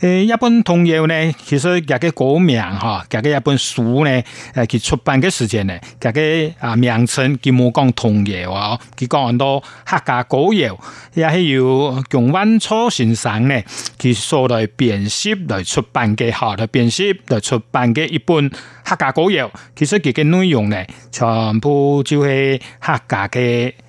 誒一本童謠咧，其實佢嘅個名嚇，佢嘅一本書咧，誒佢出版嘅時間咧，佢嘅啊名稱佢冇講童謠喎，佢講到客家古謠，也是要用温初先生咧，佢所嚟編輯嚟出版嘅，下嚟編輯嚟出版嘅一本客家古謠，其實佢嘅內容咧，全部就係客家嘅。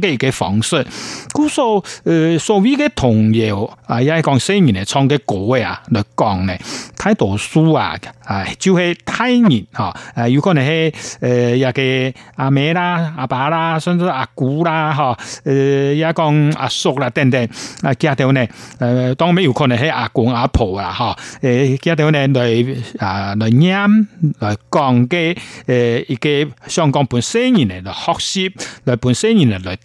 嘅嘅方式，咁所，所的呃所謂嘅童謠啊，也係講新年嚟唱嘅歌啊來講咧，睇讀書啊，啊，就係睇人吓，啊，有可能係，誒、呃，一個阿妹啦、阿爸啦，甚至阿姑啦，吓、呃，誒，也講阿叔啦等等，啊，家頭咧，誒、呃，當尾有可能係阿公阿婆啊，吓、呃，誒，家頭咧嚟，啊嚟念來講嘅，誒、啊，亦嘅相關伴新年嚟學習，嚟伴新年嚟嚟。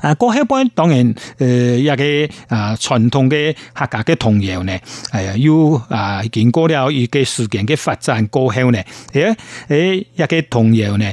啊，過去本當然，誒、呃、一個啊傳統嘅客家嘅童謠呢，係、哎、又啊經過了一個時間嘅發展過後呢，誒誒一個童謠呢。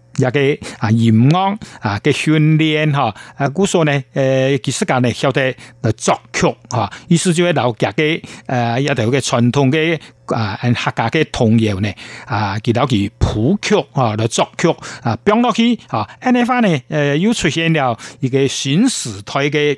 也個啊嚴安啊嘅訓練哈，啊據說呢，誒佢時間呢，曉得嚟作曲哈，意思就係留夾嘅，誒一有嘅傳統嘅啊客家嘅童謠呢，啊佢攞住譜曲啊來作曲啊變落去啊，安尼話呢，誒、呃、又出現了一個新時代嘅。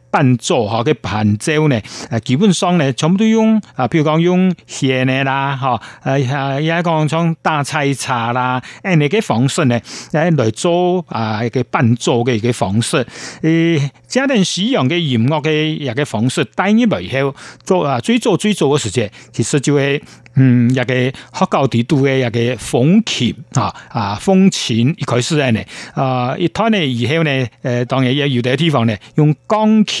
伴奏嚇嘅伴奏呢？誒基本上呢，全部都用啊，比如講用弦嘅啦，嚇誒，也講唱搭菜叉啦。誒，你個方式呢？誒，嚟做啊嘅伴奏嘅個方式。誒，家庭使用嘅音樂的一個方式帶入嚟後，做啊，最早最早嘅時節，其實就係嗯一個學校地度的一個風琴啊啊風琴開始呢。啊，佢呢以後呢呃當然有啲地方呢用鋼琴。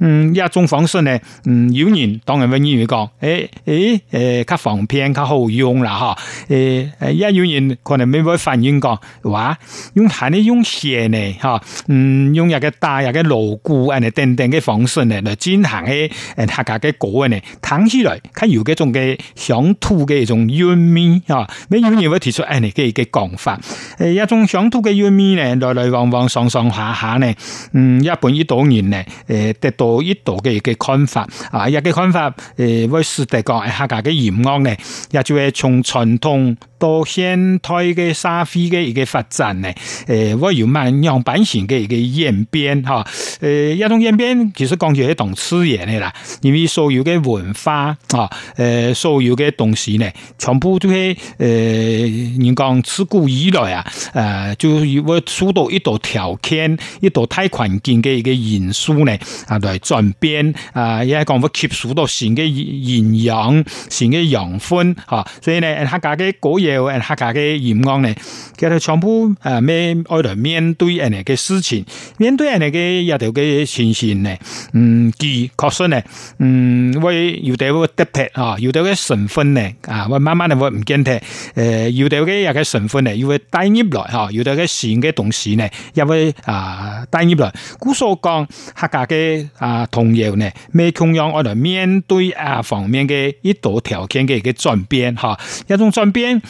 嗯，一種方式呢，嗯，有人當然會認為講，誒誒誒，欸欸、較方便，較好用啦，哈、欸，誒誒，也有人可能沒必反應過，話用下你用斜呢，哈，嗯，用一個大一個鑼鼓，誒，等等嘅方式呢，來進行誒誒客家嘅果呢，彈起來，佢有嗰種嘅鄉土嘅一種韻味，哈、啊，沒有人會提出誒呢嘅嘅講法，誒、欸，一種鄉土嘅韻味呢，來來往往上上下下呢，嗯，一般一多人呢，欸誒，得到一度嘅嘅看法，啊，一個看法，誒、呃，威斯帝國客家嘅延安咧，也就會從傳統。到現代嘅沙飛的一個發展誒、呃，我要樣板型的一個演變哈，誒、哦，一、呃、種演變其實講起嚟唐詩嘢嚟啦，因為所有的文化啊，誒、哦呃，所有的東西全部都係誒，你講自古以來啊，誒，就因為諸一道條件，一道太環境的一個因素咧，啊，轉變啊，講我吸收到新嘅營養，新嘅養分哈、哦，所以咧，客家嘅叫客家嘅鹽安咧，佢全部誒咩外來面對人哋個事情，面對人哋嘅一條信息咧，嗯，記確實咧，嗯，會要帶會啲皮啊，要帶啲成分咧，啊，我慢慢地會唔見嘅，誒、呃，要帶啲嘢嘅成分咧，要帶入來哈，要帶個新嘅東西咧，又會，又會、哦、又會啊帶入來。故所講客家個啊同樣咧，咩同樣我哋面對啊方面嘅一啲條件嘅一個轉變哈、哦，一種轉變。